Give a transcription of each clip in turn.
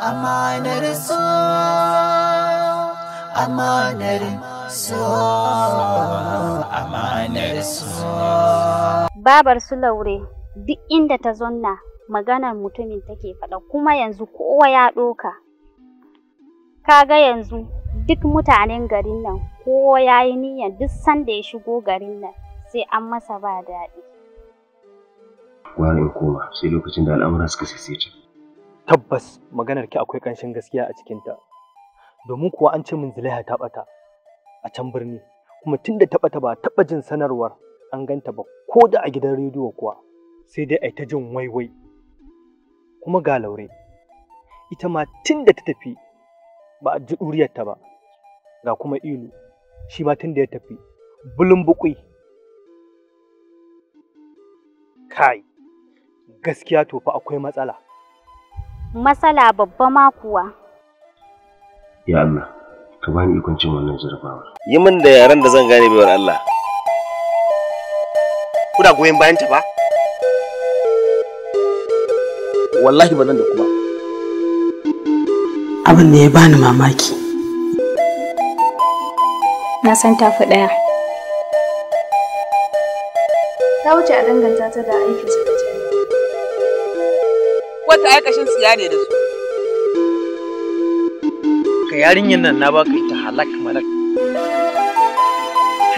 Amanar Babar su laure duk inda ta zonna maganar mutumin take faɗa kuma yanzu kowa ya ɗoka. Kaga yanzu duk mutanen garin nan kowa ya yi niyyar duk sanda ya shigo garin nan sai an masa ba daɗi. Wani in koma sai lokacin da al'amura suka sai tabbas maganar ki akwai ƙanshin gaskiya a cikinta domin kuwa an ce min zulaiha ta bata a can birni kuma tun da ta bata ba taɓa jin sanarwar an ganta ba ko da a gidan rediyo kuwa sai dai a ta jin waiwai kuma ga laure ita ma tun da ta tafi ba a ji ɗuriyarta ba ga kuma ilu shi ma tun da ya tafi bulun buƙui kai gaskiya to fa akwai matsala matsala babba ma kuwa. Ya Allah, ka bani ikon cin wannan jarabawar. Yi min da yaren da zan gane baiwar Allah. Kuna goyon bayan ta ba? Wallahi ba nan da kuma. Abin da ya bani mamaki. Na san tafi ɗaya. Ta wuce a danganta ta da aikinsa. wata kashin siya ne da su ka yarinyar nan na baka ita halak malak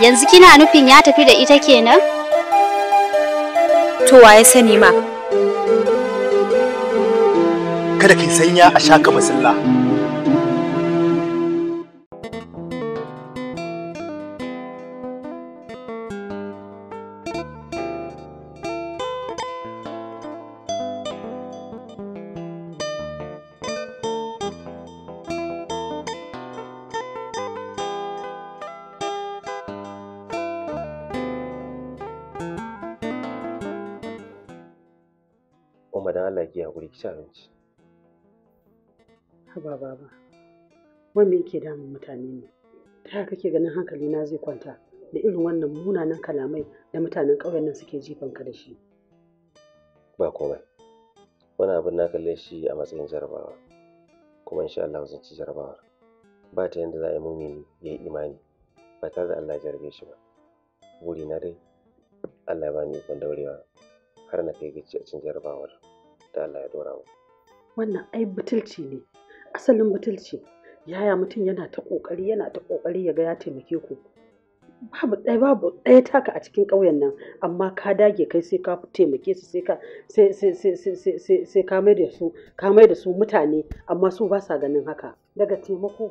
yanzu kina nufin ya tafi da ita kenan to waye sani ma kada ki sanya a shaka masalla umma don Allah ki hakuri ki ci abinci haba baba wai me yake damun mutane ne ta kake ganin hankali na zai kwanta da irin wannan munanan kalamai da mutanen ƙauyen nan suke jifan ka da shi ba komai wani abin na kalle shi a matsayin jarabawa kuma insha Allah zan ci jarabawar ba ta yadda za a yi mumini ya yi imani ba tare da Allah ya jarabe shi ba na dai Allah ya bani ikon daurewa har na kai gaci a cin jarabawar. Allah ya dora mu wannan ai butulci ne asalin butulci yaya mutum yana ta ƙoƙari yana ta ƙoƙari ya ga ya taimake ku babu ɗaya babu ɗaya taka a cikin ƙauyen nan amma ka dage kai sai ka taimake su sai ka sai sai sai sai sai ka mai da su ka mai da su mutane amma su ba sa ganin haka daga taimako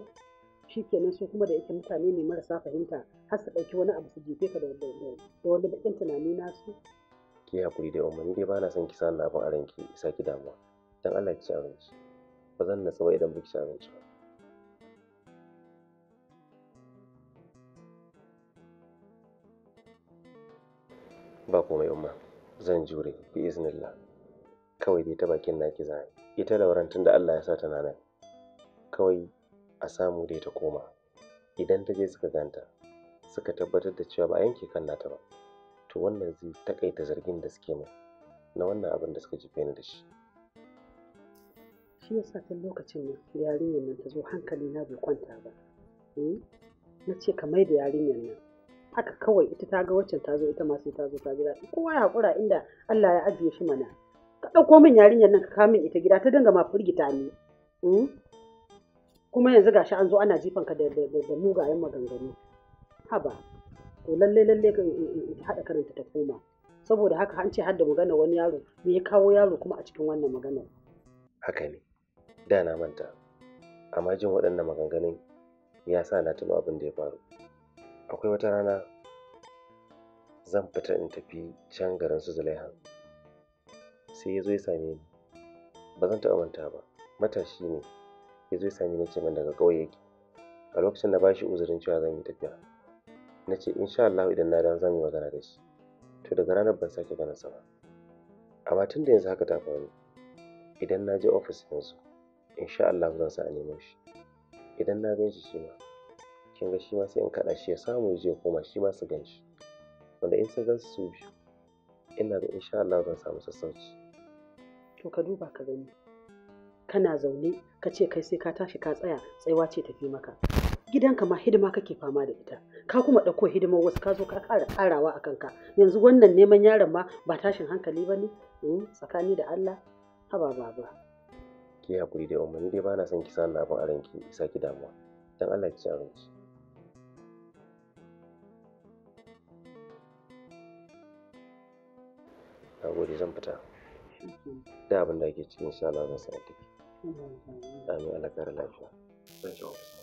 shikenan su kuma da yake mutane ne marasa fahimta har su ɗauki wani abu su jefe ka da wani baƙin tunani nasu ki yi hakuri da umma ni dai ba na son ki sa abin a ranki sa ki damuwa dan Allah ki ci abinci ba zan natsuwa idan ba ki ci abinci ba ba komai umma zan jure bi iznillah kawai dai ta bakin naki za ita lauran tunda Allah ya sa ta nan kawai a samu dai ta koma idan ta je suka ganta suka tabbatar da cewa ba a yanke kan nata ba to wannan zai takaita zargin da suke mu na wannan abin da suka jefe ni da shi shi ya sa tun lokacin nan yarinyar nan ta zo hankali na bai kwanta ba hmm? na ce ka mai da yarinyar nan haka kawai ita ta ga waccan ta zo ita ma sai ta zo ta gida kowa ya haƙura inda Allah ya ajiye shi mana ka ɗauko min yarinyar nan ka kawo min ita gida ta dinga ma firgita ni hmm? kuma yanzu gashi an zo ana jifan ka da mugayen maganganu haba to lalle lalle ka eh, eh, eh, haɗa karanta ta koma saboda haka an ce har da magana wani yaro me ya kawo yaro kuma a cikin wannan magana haka ne da na manta amma jin waɗannan maganganun ya sa na tuno abin da ya faru akwai wata rana zan fita in tafi can garin su zulaiha sai ya zo ya same ni ba zan taɓa manta ba matashi ne ya zo ya same ni ce min daga ƙauye yake a lokacin na bashi uzurin cewa zan yi tafiya na ce insha Allah idan na dawo zan yi magana da shi to daga ranar ban sake ganin sa ba amma tun da yanzu haka ta faru idan na je ofis yanzu insha Allah zan sa a nemo shi idan na gan shi shi ma kin ga shi ma sai in kaɗa shi ya samu ya koma shi ma su gan shi wanda in sun gan su su biyu ina da insha Allah zan samu sassauci to ka duba ka gani kana zaune ka ce kai sai ka tashi ka tsaya tsaiwa ce tafi maka gidanka ma hidima kake fama da ita ka kuma ɗauko hidimar wasu ka zo ka ƙara ƙarawa a kanka yanzu wannan neman yaron ma ba tashin hankali ba ne hmm, tsakani da Allah haba ba ki hakuri da umarni dai ba na son ki sa na abin aron ki isa ki damuwa dan Allah ki ci abinci na gode zan fita da abin da ake cikin sha Allah zan sa ki amin Allah kare lafiya zan ci ofis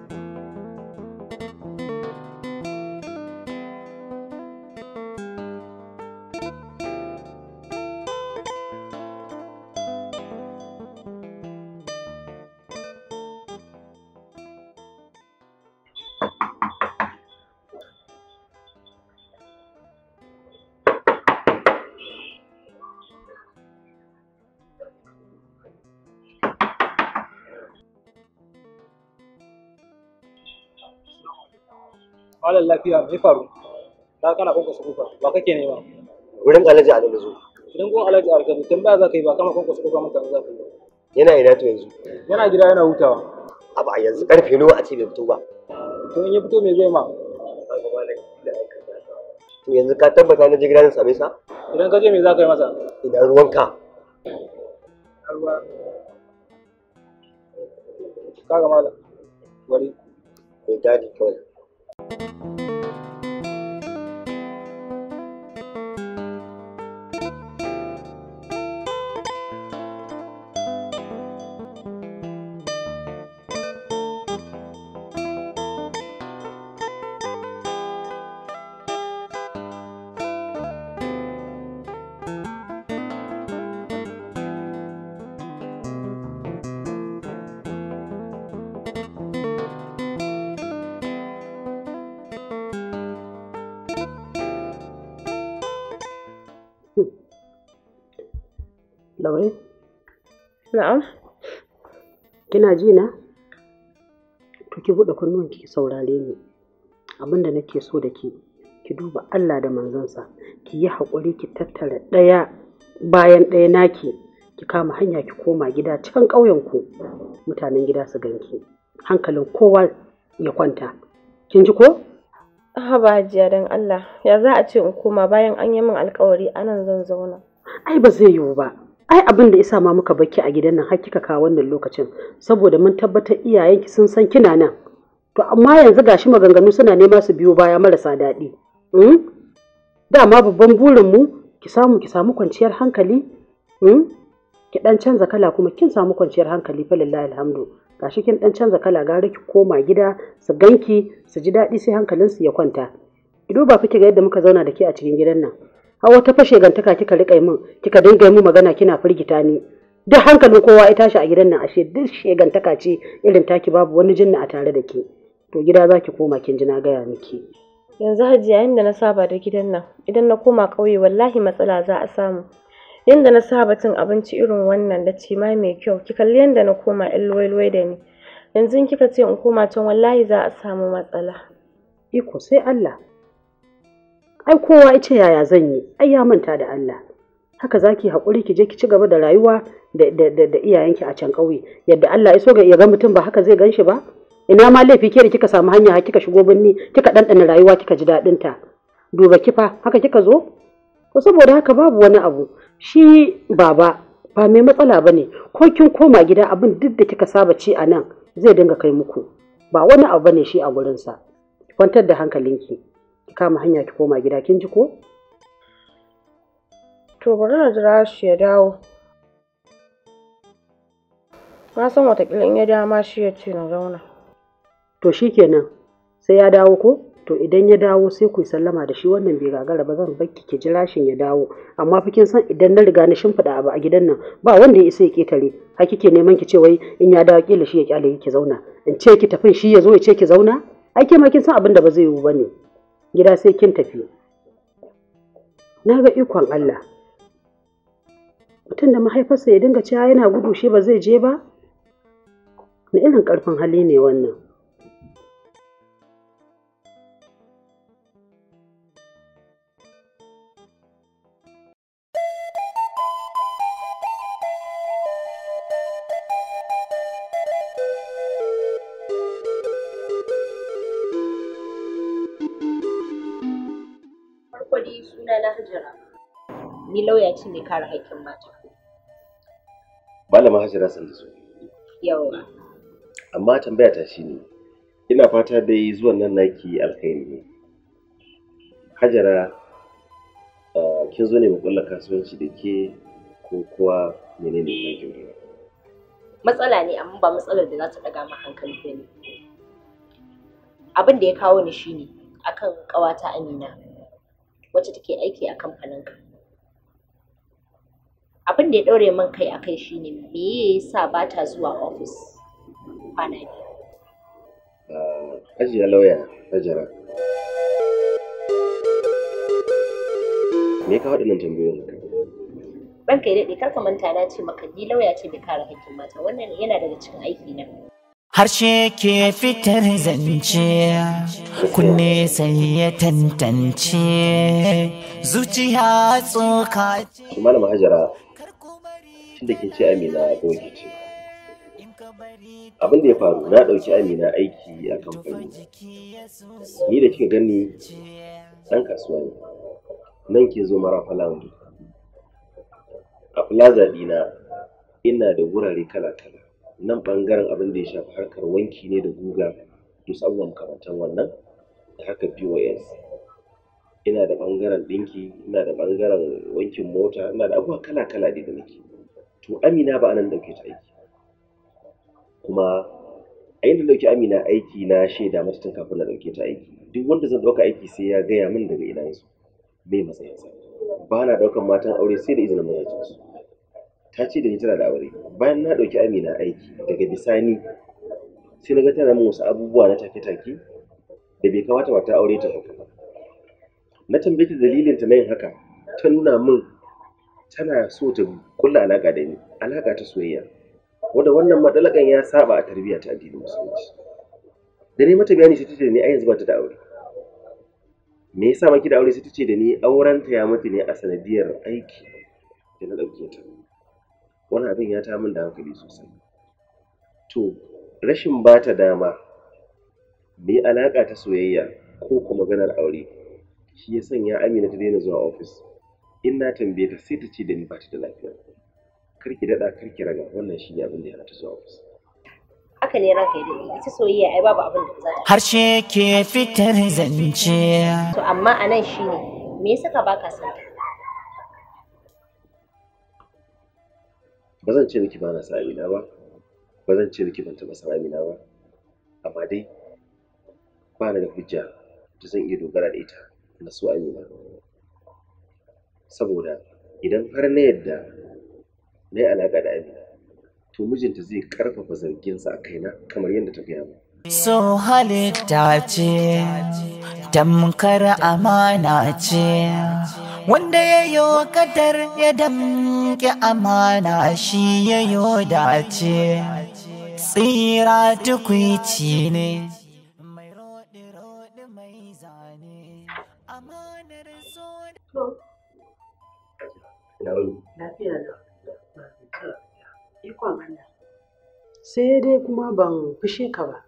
malam lafiya mai faru na kana kwankwasa kufa ba kake nema wurin alhaji alhaji idan gun alhaji tun tambaya za ka yi ba kana kwankwasa kufa mutane za ka yi yana ina to yanzu yana gida yana hutawa a ba yanzu karfe nawa a ce bai fito ba to in ya fito me zai ma to yanzu ka tabbata na je gida na same sa idan ka je me za ka yi masa idan ruwanka ka? kaga malam wari ko gadi kawai thank you Na'am. Kina ji na? To ki buɗe kunnuwan ki saurare ni. Abinda nake so da ke, ki duba Allah da manzansa, ki yi haƙuri ki tattara ɗaya bayan ɗaya naki, ki kama hanya ki koma gida cikin ƙauyenku, mutanen gida su ganki. Hankalin kowa ya kwanta. Kin ji ko? Haba jiya don Allah, ya za a ce in koma bayan an yi min alkawari anan zan zauna. Ai ba zai yiwu ba. ai abin da isa ma muka baki a gidan nan har kika wannan lokacin saboda mun tabbatar iyayenki sun san kina nan to amma yanzu gashi maganganu suna nema su biyo baya marasa daɗi hmm? dama babban burin mu ki samu ki samu kwanciyar hankali hmm? ki dan canza kala kuma kin samu kwanciyar hankali fa lillahi alhamdu gashi kin dan canza kala gara ki koma gida su ganki su ji daɗi sai hankalinsu ya kwanta ki duba fa ki ga yadda muka zauna da ke a cikin gidan nan hawa wata fashe gantaka kika rika min kika dinga mu magana kina firgita ni duk hankalin kowa ya tashi a gidan nan ashe duk shegantaka ce irin taki babu wani jinna a tare da ke to gida za ki koma kin ji na gaya miki yanzu hajiya yadda na saba da gidan nan idan na koma ƙauye wallahi matsala za a samu yanda na saba cin abinci irin wannan da ma mai kyau ki kalli yadda na koma ilwaiwai luwai da ni yanzu kika ce in koma can wallahi za a samu matsala iko sai Allah ai kowa ya ce yaya zan yi ai ya manta da Allah haka zaki haƙuri ki je ki ci gaba da rayuwa da iyayenki a can ƙauye yadda Allah ya so ya ga mutum ba haka zai gan shi ba ina ma laifi ke da kika samu hanya kika shigo birni kika ɗanɗana rayuwa kika ji daɗin ta duba kifa haka kika zo ko saboda haka babu wani abu shi baba ba mai matsala bane. ko kin koma gida abin duk da kika saba ci a nan zai dinga kai muku ba wani abu bane shi a gurinsa kwantar da hankalinki ki kama hanya ki koma gida kin ji ko to bari na jira shi ya dawo na san watakila in ya dama shi ya ce na zauna to shikenan sai ya dawo ko to idan ya dawo sai ku sallama da shi wannan bai gagara ba zan bakki ki jira shin ya dawo amma fa kin san idan na riga na shimfiɗa abu a gidan nan ba wanda ya isa ya ketare har kike neman ki ce wai in ya dawo kila shi ya kyale ki zauna in ce ki tafin shi ya zo ya ce ki zauna ai ke ma kin san abin da ba zai yiwu ne. gida sai kin tafi na ga ikon Allah mutum da mahaifarsa ya dinga cewa yana gudu shi ba zai je ba na irin ƙarfin hali ne wannan shi ne kare haƙƙin mata. Malama Hajara san da su. Yawa. Amma tambaya ta shi ne, ina fata dai zuwan nan naki alkhairi ne. Hajara ah, kin zo ne mu kulla kasuwanci da ke ko kuwa menene ne ke Matsala ne amma ba matsalar da za ta ɗaga ma hankali ba ne. Abin da ya kawo ni shine akan ƙawata Amina wacce take aiki a kamfaninka. abin da ya ɗaure min kai a kai shine me yasa ba ta zuwa ofis kwana biyu ah, ajiya lauya hajara me ka tambayoyin ranka ya daɗe karka manta na ce maka ni lauya ce mai kare hakkin mata wannan yana daga cikin aiki na harshe ke fitar zance kunne sai ya tantance zuciya tsoka ce malama hajara lokacin da ke ce amina goge ce abin da ya faru na ɗauki amina aiki a kamfani ni da kika gani ɗan kasuwa ne nan ke zo mara falawar. a plaza ɗina ina da wurare kala-kala nan ɓangaren abin da ya shafi harkar wanki ne da guga da abubuwan makamantan wannan da haka pos ina da ɓangaren ɗinki ina da ɓangaren wankin mota ina da abubuwa kala-kala da nake to amina ba anan dauke ta aiki kuma a inda dauke amina aiki na shaida mata tun kafin na dauke ta aiki duk wanda zan dauka aiki sai ya gaya min daga ina yanzu bai matsayinsa ba na daukan matan aure sai da izinin mazajensu ta ce da ni tana da aure bayan na dauki amina aiki daga bisani sai na ga tana min wasu abubuwa na take-take da bai kamata mata aure ta haka na tambaye ta dalilin ta na yin haka ta nuna min tana so ta kulla alaƙa da ni alaƙa ta soyayya wanda wannan matsalakan ya saba a tarbiyya ta addinin musulunci da ne mata bayani sai ta ce da ni ai yanzu ba ta da aure me yasa baki da aure sai ta ce da ni auren ta ya mutu ne a sanadiyar aiki da na dauke ta Wani abin ya ta min da hankali sosai to rashin ba ta dama me alaƙa ta soyayya ko kuma maganar aure shi ya sanya Amina ta daina zuwa ofis in na tambaye ta sai ta ce da ni ba ta da lafiya kar ki daɗa kar ki raga wannan shi ne abin da ya rata ta zuwa ofis haka ne ranka ya daɗe ita soyayya ai babu abin da za ta harshe ke fitar zance to amma a nan shi ne me yasa ka baka son ta ba zan ce miki ba na Amina ba ba zan ce miki ban taba san Amina ba amma dai ba na da hujja da zan iya dogara da ita na so Amina saboda idan har na yadda na yi alaƙa da Amina to mijinta zai ƙarfafa zarginsa a kaina kamar yadda ta gaya ba. So halitta ce, tamkar amana ce, wanda ya yi kadar ya damke amana shi ya yi dace, tsira tukwici ne. Na Lafiya da ikon Allah. Sai dai kuma ban fushe ka ba.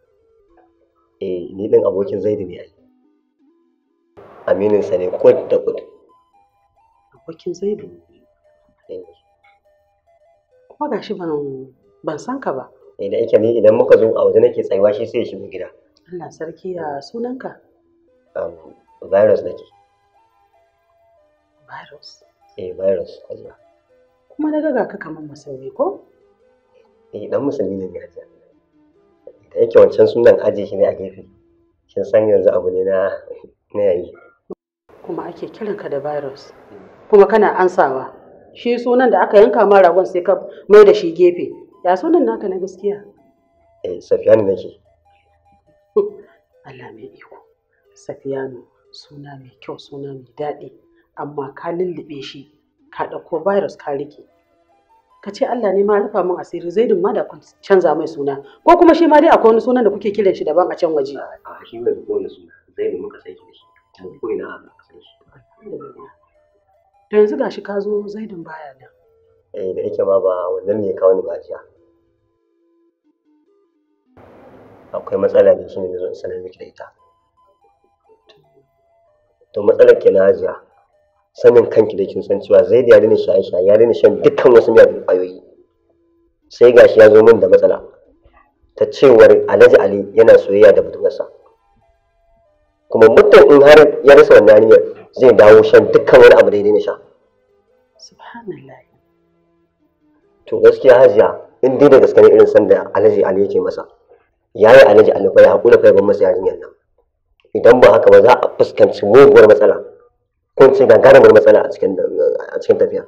Eh, ni ɗin abokin Zaidu ne ai. Amininsa ne kod da kod. Abokin Zaidu? Eh. Kuma ga shi ban san ka ba. Eh, da ike ni idan muka zo a waje nake tsayuwa shi sai ya shigo gida. Allah sarki ya sunanka? Um, virus nake. Virus? eh virus hajiya kuma na ga ka kamar musulmi ko eh dan musulmi ne hajiya da yake wancan sunan aje shi ne a gefe kin san yanzu abu ne na na yayi kuma ake ka da virus kuma kana ansawa shi sunan da aka yanka ma ragon sai ka mai da shi gefe ya sunan naka na gaskiya eh safiyanu nake Allah mai iko safiyanu suna mai kyau suna mai daɗi amma ka lullube shi ka ɗauko virus ka rike ka ce Allah ne ma rufa min asiri zaidun ma da canza mai suna ko kuma shi ma dai akwai wani sunan da kuke kiran shi daban a can waje a shi mai ko wani suna zaidun muka san shi ko ina a san shi yanzu gashi ka zo zaidun baya nan eh da yake ma ba wannan ne ka kawo ni bajiya akwai matsala da shi ne na sanar miki da ita to matsalar ke na hajiya sanin kanki da kin san cewa zai da ya daina shaye-shaye ya daina shan dukkan wasu miyagun ƙwayoyi sai gashi ya zo min da matsala ta cewar alhaji ali yana soyayya da budurwarsa kuma mutum in har ya rasa wannan hanyar zai dawo shan dukkan wani abu da ya daina sha to gaskiya hajiya in dai da gaske ne irin san da alhaji ali yake masa yi alhaji ali fa ya haƙura kai ban masa yarinyar nan idan ba haka ba za a fuskanci muguwar matsala kun ce gagarumar matsala a cikin a cikin tafiya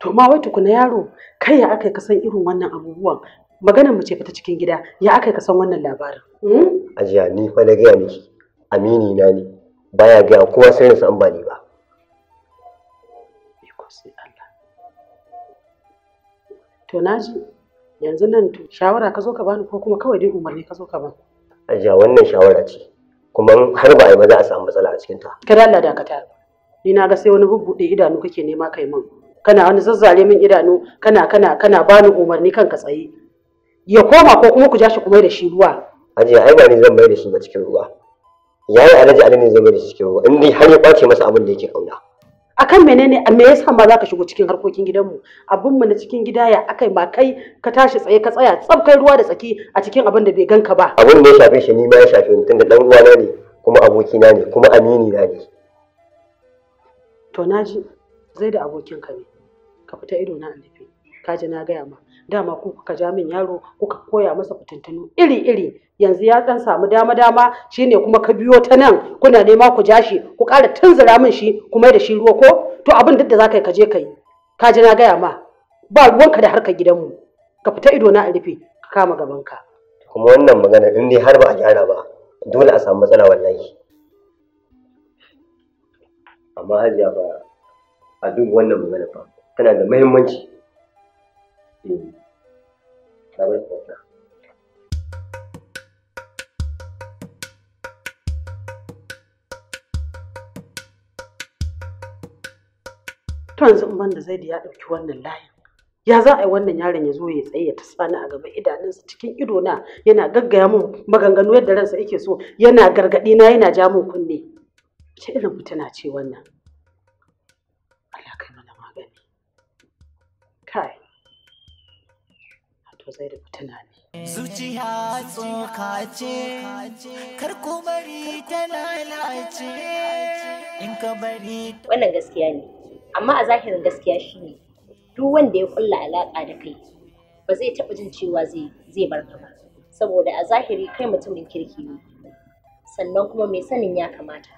to ma wai tukuna yaro kai ya aka kasan irin wannan abubuwan maganar mu ce fita cikin gida ya aka kasan wannan labarin hmm? ajiya ni fa da gaya miki amini na ne baya gaya kowa sai na san ba ni ba to naji yanzu nan to shawara ka zo ka bani ko kuma kawai dai umarni ka zo ka bani ajiya wannan shawara ce kuma har ba a yi ba za a samu matsala a cikinta. Kira Allah dakata. ni na ga sai wani bubbuɗe idanu kake nema kai mun? kana wani zazzare min idanu kana kana kana bani umarni kan ka tsaye ya koma ko kuma ku ja shi kuma da shi ruwa aje ai ba ni zan mai da shi ba cikin ruwa yayi alaji alaji ne zan mai da shi cikin ruwa in dai har ya kwace masa abin da yake kauna akan menene me yasa ma zaka shigo cikin harkokin gidanmu abin mu na cikin gida ya akai ba, kai ka tashi tsaye ka tsaya tsab kai ruwa da tsaki a cikin abin da bai ganka ba abin da ya shafe shi ni ma ya shafe ni tunda dan uwa ne kuma abokina ne kuma amini na ne to na ji zai da abokin ka ne ka fita ido na alifi ka ji na gaya ma dama ku kuka ja min yaro kuka koya masa fitintunu iri iri yanzu ya dan samu dama dama shine kuma ka biyo ta nan kuna nema ku ja shi ku ƙara tunzura min shi ku mai da shi ruwa ko to abin duk da zaka yi ka je ka yi ka ji na gaya ma ba ruwanka da harkar gidanmu ka fita ido na alifi ka kama gabanka kuma wannan magana in ne har ba a gyara ba dole a samu matsala wallahi amma hajiya ba a duk wannan magana fa tana da muhimmanci eh ban da zai da ya ɗauki wannan layin ya za a yi wannan yaron ya zo ya tsaye ya ta Sani a gaban idanunsa cikin idona yana gaggaya mun maganganu yadda ransa yake so yana gargaɗi na yana ja mun kunne ce irin fitina ce wannan Allah kai mana magani kai to zai da fitina ne zuciya tsoka ce kar ku bari ta lalace in ka bari wannan gaskiya ne amma a zahirin gaskiya shine duk wanda ya kulla alaka da kai ba zai taɓa jin cewa zai bar ka ba saboda a zahiri kai mutumin kirki ne sannan kuma mai sanin ya kamata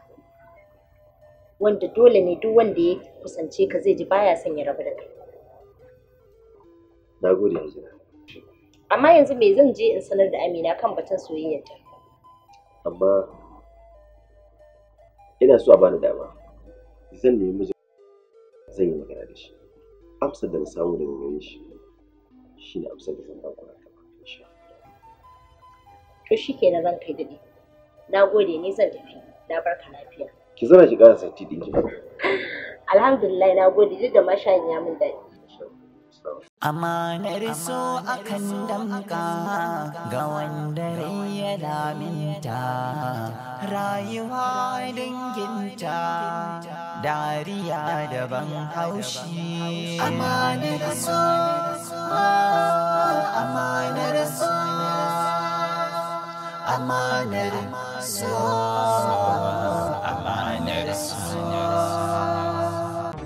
wanda dole ne duk wanda ya kusance ka zai ji baya son ya rabu da kai na gode yanzu amma yanzu me zan je in sanar da amina kan batun soyayyarta amma ina so a bani dama zan nemi miji zan yi magana da shi amsar da na samu daga gare shi shine amsar da zan baku ranka insha na shikenan ranka dade na gode ni zan tafi na barka lafiya ki zana ki ƙara sai din ki alhamdulillah na gode duk da mashayin ya da daɗi Amanar so akan damka ga wanda ya laminta rayuwa danginta dariya daban haushi. Amanar so, amanar so, amanar riso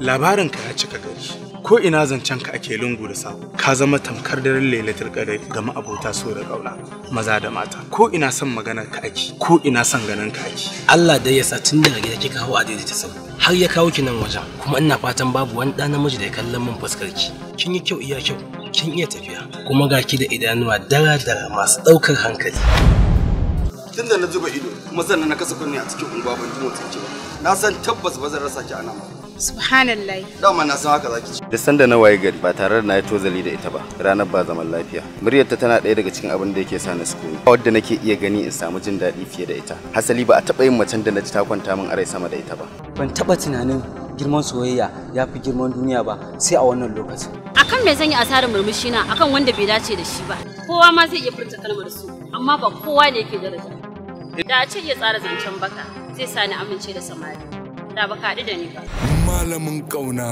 labarin ka ya cika gari ko ina zancen ka ake lungu da sako ka zama tamkar daren lailatul qadar ga ma'abota so da kauna maza da mata ko ina son maganar ka ake ko ina son ganin ka ake Allah dai ya sa tun daga gida kika hawo a daidaita sau har ya kawo ki nan wajen kuma ina fatan babu wani ɗan namiji da ya kallon min fuskar ki kin yi kyau iya kyau kin iya tafiya kuma ga ki da idanuwa dara dara masu ɗaukar hankali tunda na zuba ido kuma sannan na kasa kunni a cikin unguwa ban ji motsin ki na san tabbas ba zan rasa ki a nan ba subhanallah dama na san haka zaki ci da sanda na waye gari ba tare da na yi tozali da ita ba ranar ba zaman lafiya muryar ta tana ɗaya daga cikin abin da yake sa na sukuni wadda nake iya gani in samu jin daɗi fiye da ita hasali ba a taɓa yin macen da na ji ta kwanta min arai sama da ita ba ban taba tunanin girman soyayya ya fi girman duniya ba sai a wannan lokacin akan me zan yi asarar murmushi na akan wanda bai dace da shi ba kowa ma zai iya furta kalmar su amma ba kowa ne yake daraja da a ce iya tsara zancen baka zai sa ni amince da samari da baka haɗu da ni ba malamin ƙauna.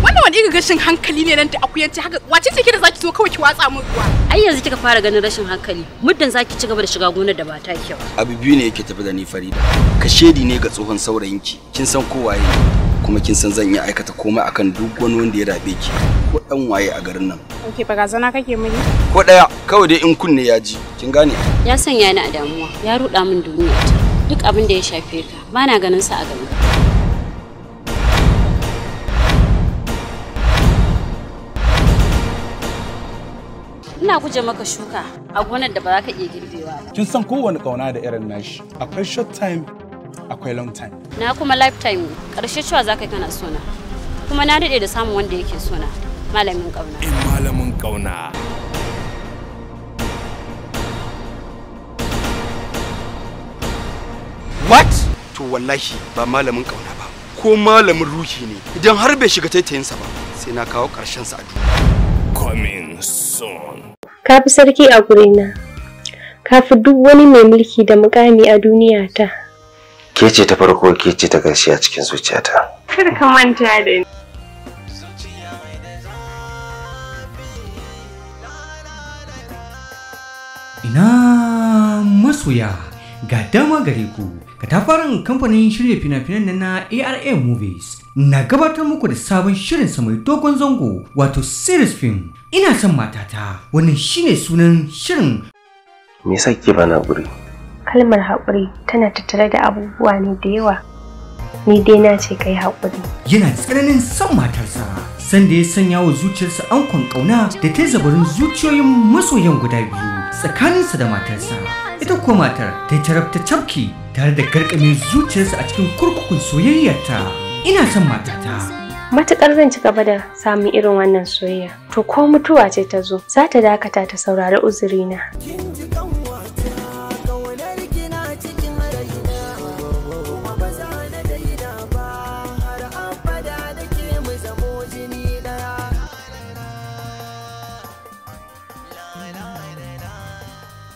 wannan wani irin rashin hankali ne nan da akuyanci haka wace ce da zaki zo kawai ki watsa mu ruwa ai yanzu kika fara ganin rashin hankali muddin zaki ci gaba da shiga gonar da ba ta kyau abu biyu ne yake tafi da ni farida ka shedi ne ga tsohon saurayinki kin san kowaye kuma kin san zan iya aikata komai akan duk wani wanda ya dabe ki ko dan waye a garin nan ok zana kake muni. ko daya kawai dai in kunne ya ji kin gane ya sanya ni a damuwa ya ruda min duniya duk abin da ya shafe ka na ganin sa a gaba ina guje maka shuka a gonar da ba za ka iya girbewa ba. Kin san kowane kauna da irin nashi. Akwai short time akwai long time na kuma lifetime karshe cewa zaka kana sona kuma na daɗe da samun wanda yake sona malamin kauna in malamin kauna what to wallahi ba malamin kauna ba ko malamin ruhi ne idan har bai shiga taitayinsa ba sai na kawo karshen sa a duniya coming soon ka fi sarki a gurina ka fi duk wani mai mulki da mukami a duniya ta ke ce ta farko ke ce ta ƙarshe a cikin zuciyata kada ka manta da ni ina masoya ga dama gare ku katafaren kamfanin shirya fina-finan na ARA Movies na gabatar muku da sabon shirin sa mai dogon zango wato series film ina son matata wannan shine sunan shirin me yasa ke bana guri kalmar haƙuri tana tattare da abubuwa ne da yawa ni dai na ce kai haƙuri yana tsananin son matarsa sanda ya sanya wa zuciyarsa ankon ƙauna da ta zabarin zuciyoyin masoyan guda biyu tsakaninsa da matarsa ita kuwa matar ta tarabta cafki tare da gargame zuciyarsa a cikin kurkukun soyayyarta ina son matata matuƙar zan ci gaba da samun irin wannan soyayya to ko mutuwa ce ta zo za ta dakata ta saurari uzurina.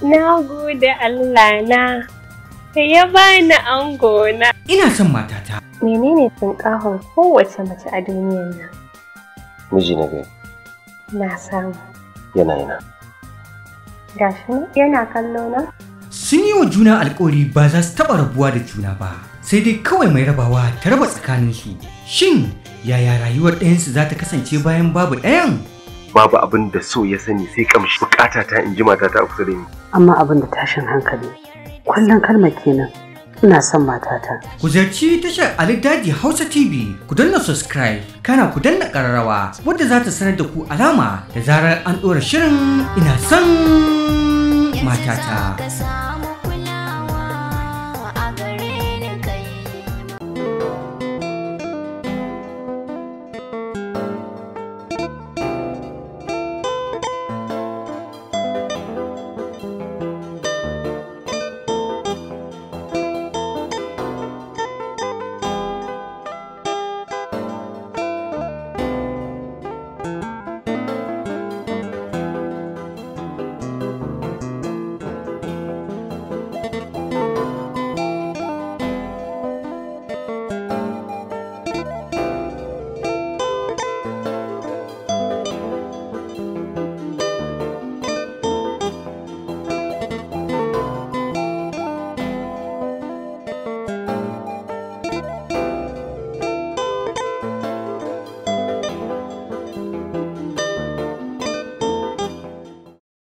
Na gode Allah na, ka ya bani ango na. Ina son matata. Menene tunkahon kowace mace a duniyar nan? Miji na gani. Na samu. Yana yana. Gashi yana kallo na? Sun yi wa juna alkawari ba za su taɓa rabuwa da juna ba, sai dai kawai mai rabawa ta raba tsakaninsu. Shin yaya rayuwar ɗayansu za ta kasance bayan babu ɗayan? babu abin da so ya sani sai kamshi bukata ta in matata a kusa da ni amma abin da tashin hankali kullun kalmar kenan ina son matata ku ziyarci tashar Ali Daji Hausa TV ku danna subscribe kana ku danna kararrawa wadda za ta sanar da ku alama da zarar an dora shirin ina son matata.